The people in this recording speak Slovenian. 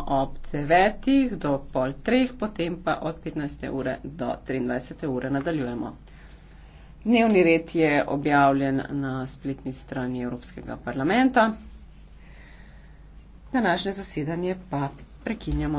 ob 9. do pol 3, potem pa od 15. ure do 23. ure nadaljujemo. Dnevni red je objavljen na spletni strani Evropskega parlamenta. Današnje zasedanje pa prekinjamo.